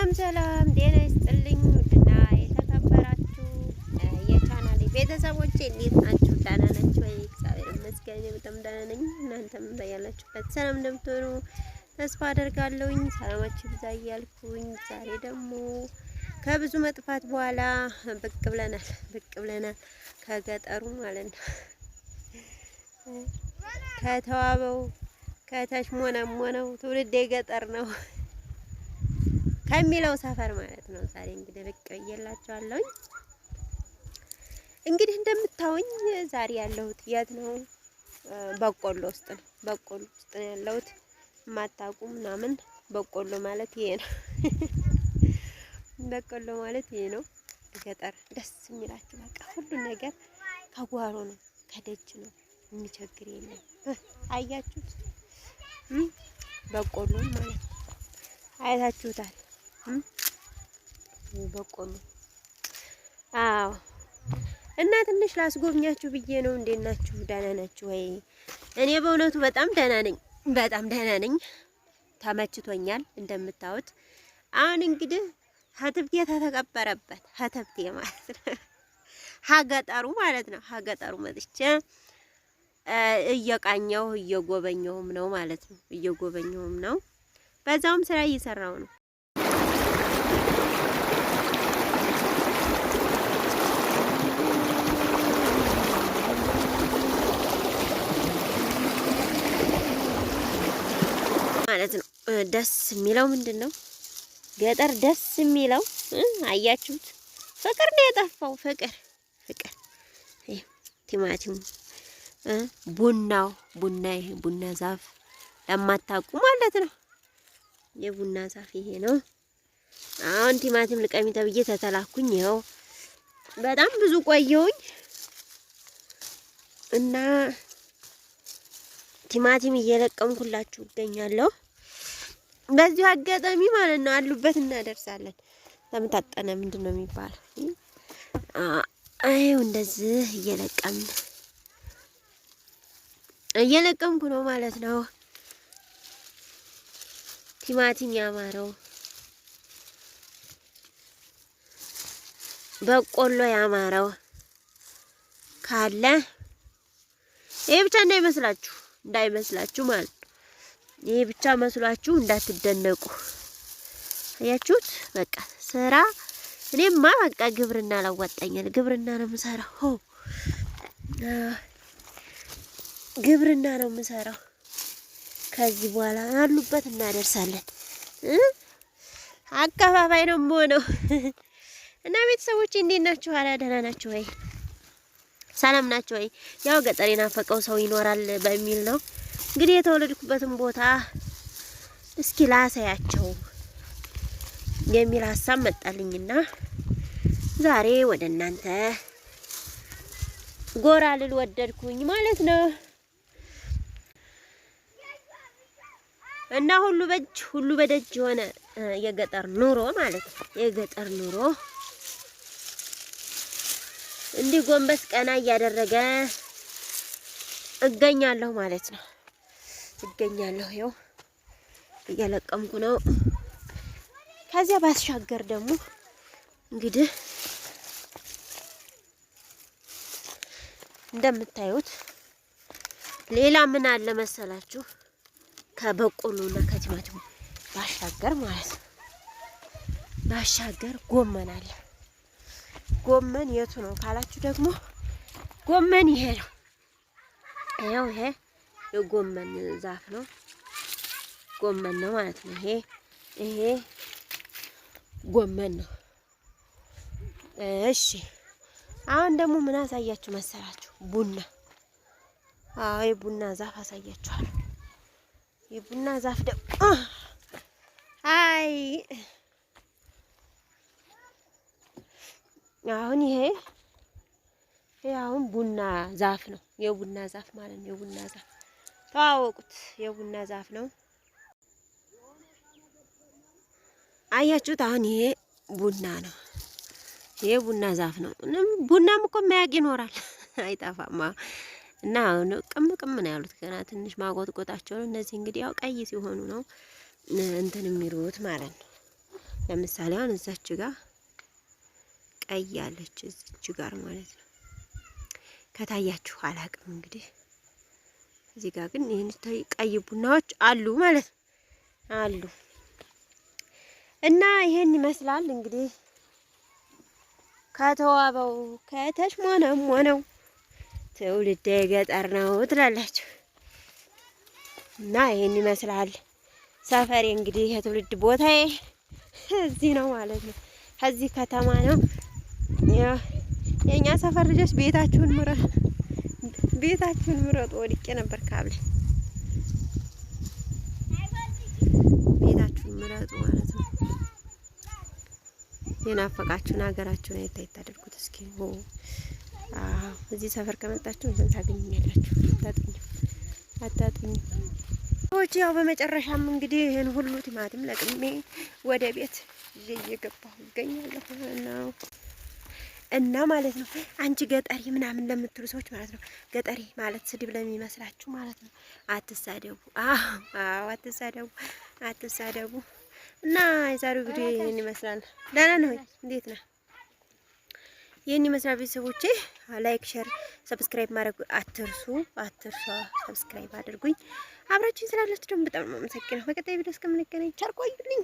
ሰላም ሰላም፣ ጤና ይስጥልኝ ውድና የተከበራችሁ የቻናል ቤተሰቦች እንዴት ናችሁ? ደህና ናችሁ ወይ? እግዚአብሔር ይመስገን በጣም ደህና ነኝ። እናንተም ባላችሁበት ሰላም እንደምትሆኑ ተስፋ አደርጋለሁኝ። ሰላማችሁ ይብዛ እያልኩኝ ዛሬ ደግሞ ከብዙ መጥፋት በኋላ ብቅ ብለናል፣ ብቅ ብለናል ከገጠሩ ማለት ነው ከተዋበው ከተሽሞነሞነው ትውልድ የገጠር ነው። ከሚለው ሰፈር ማለት ነው። ዛሬ እንግዲህ ብቅ ብዬላችኋለሁኝ። እንግዲህ እንደምታዩኝ ዛሬ ያለሁት የት ነው? በቆሎ ውስጥ ነው። በቆሎ ውስጥ ነው ያለሁት። የማታውቁ ምናምን በቆሎ ማለት ይሄ ነው። በቆሎ ማለት ይሄ ነው። ገጠር ደስ የሚላችሁ በቃ ሁሉ ነገር ከጓሮ ነው፣ ከደጅ ነው። የሚቸግር የለም። አያችሁት? በቆሎ ማለት አያታችሁታል። በቆሎ አዎ። እና ትንሽ ላስጎብኛችሁ ብዬ ነው። እንዴት ናችሁ? ደህና ናችሁ ወይ? እኔ በእውነቱ በጣም ደህና ነኝ፣ በጣም ደህና ነኝ። ተመችቶኛል። እንደምታዩት አሁን እንግዲህ ሀተብቴ ተተቀበረበት ሀተብቴ ማለት ነው ሀገጠሩ ማለት ነው። ሀገጠሩ መጥቼ እየቃኘው እየጎበኘሁም ነው ማለት ነው። እየጎበኘሁም ነው፣ በዛውም ስራ እየሰራው ነው። ማለት ነው። ደስ የሚለው ምንድን ነው? ገጠር ደስ የሚለው አያችሁት፣ ፍቅር ነው የጠፋው። ፍቅር ፍቅር ቲማቲሙ ቡናው ቡና ይሄ ቡና ዛፍ ለማታውቁ ማለት ነው። የቡና ዛፍ ይሄ ነው። አሁን ቲማቲም ልቀሚ ተብዬ ተተላኩኝ። ይኸው በጣም ብዙ ቆየውኝ እና ቲማቲም እየለቀምኩላችሁ እገኛለሁ። በዚሁ አጋጣሚ ማለት ነው አሉበት እናደርሳለን። ለምታጠነ ምንድን ነው የሚባለው? አይው እንደዚህ እየለቀም እየለቀምኩ ነው ማለት ነው። ቲማቲም ያማረው በቆሎ ያማረው ካለ ይሄ ብቻ እንዳይመስላችሁ እንዳይመስላችሁ ማለት ይሄ ብቻ መስሏችሁ እንዳትደነቁ። አያችሁት? በቃ ስራ እኔማ በቃ ግብርና አላዋጣኛል። ግብርና ነው የምሰራው፣ ሆ ግብርና ነው የምሰራው። ከዚህ በኋላ አሉበት እናደርሳለን። አቀባባይ ነው የምሆነው እና ቤተሰቦች እንዴት ናችሁ? አላ ደህና ናችሁ ወይ? ሰላም ናቸው ወይ? ያው ገጠር የናፈቀው ሰው ይኖራል በሚል ነው እንግዲህ የተወለድኩበትን ቦታ እስኪ ላሳያቸው የሚል ሀሳብ መጣልኝና ዛሬ ወደ እናንተ ጎራ ልል ወደድኩኝ ማለት ነው። እና ሁሉ በእጅ ሁሉ በደጅ የሆነ የገጠር ኑሮ ማለት የገጠር ኑሮ እንዲህ ጎንበስ ቀና እያደረገ እገኛለሁ ማለት ነው። እገኛለሁ ይኸው እየለቀምኩ ነው። ከዚያ ባሻገር ደግሞ እንግዲህ እንደምታዩት ሌላ ምን አለ መሰላችሁ? ከበቆሎ እና ከቲማቲም ባሻገር ማለት ነው ባሻገር ጎመን አለ። ጎመን የቱ ነው ካላችሁ ደግሞ ጎመን ይሄ ነው። ይኸው ይሄ የጎመን ዛፍ ነው። ጎመን ነው ማለት ነው። ይሄ ይሄ ጎመን ነው። እሺ አሁን ደግሞ ምን አሳያችሁ መሰላችሁ? ቡና። አዎ የቡና ዛፍ አሳያችኋለሁ። የቡና ዛፍ ደግሞ አይ አሁን ይሄ ይሄ አሁን ቡና ዛፍ ነው። የቡና ዛፍ ማለት ነው። የቡና ዛፍ ተዋወቁት። የቡና ዛፍ ነው። አያችሁት? አሁን ይሄ ቡና ነው። ይሄ ቡና ዛፍ ነው። ምንም ቡናም እኮ የሚያውቅ ይኖራል፣ አይጠፋማ። እና አሁን ቅም ቅም ነው ያሉት ገና ትንሽ ማቆጥቆጣቸው ነው። እነዚህ እንግዲህ ያው ቀይ ሲሆኑ ነው እንትን የሚሉት ማለት ነው። ለምሳሌ አሁን እዛች ጋር ቀይ አለች እዚች ጋር ማለት ነው። ከታያችሁ አላቅም እንግዲህ እዚህ ጋር ግን ይህን ቀይ ቡናዎች አሉ ማለት ነው አሉ እና ይሄን ይመስላል እንግዲህ ከተዋበው ከተሽሞነም ሆነው ትውልድ ገጠር ነው ትላላችሁ እና ይሄን ይመስላል ሰፈሬ እንግዲህ የትውልድ ቦታዬ እዚህ ነው ማለት ነው። ከዚህ ከተማ ነው። የእኛ ሰፈር ልጆች ቤታችሁን ምረ ቤታችሁን ምረጡ። ወድቄ ነበር ካብል ቤታችሁን ምረጡ ማለት ነው። የናፈቃችሁን ሀገራችሁን አይታ የታደርጉት እስኪ እዚህ ሰፈር ከመጣችሁ እንትን ታገኙኛላችሁ። አታጥኝ አታጥኝ ሰዎች ያው በመጨረሻም እንግዲህ ይህን ሁሉ ቲማቲም ለቅሜ ወደ ቤት እየገባሁ እገኛለሁ ነው እና ማለት ነው አንቺ ገጠሪ ምናምን ለምትሉ ሰዎች ማለት ነው ገጠሪ ማለት ስድብ ለሚመስላችሁ ማለት ነው አትሳደቡ። አዎ አትሳደቡ፣ አትሳደቡ። እና የዛሬው ቪዲዮ ይህን ይመስላል። ደህና ነው እንዴት ነው ይህን ይመስላል ቤተሰቦቼ። ላይክ፣ ሼር፣ ሰብስክራይብ ማድረግ አትርሱ፣ አትርሷ። ሰብስክራይብ አድርጉኝ። አብራችሁኝ ስላላችሁ ደግሞ በጣም ነው የማመሰግነው። በቀጣይ ቪዲዮ እስከምንገናኝ ቸር ቆዩልኝ።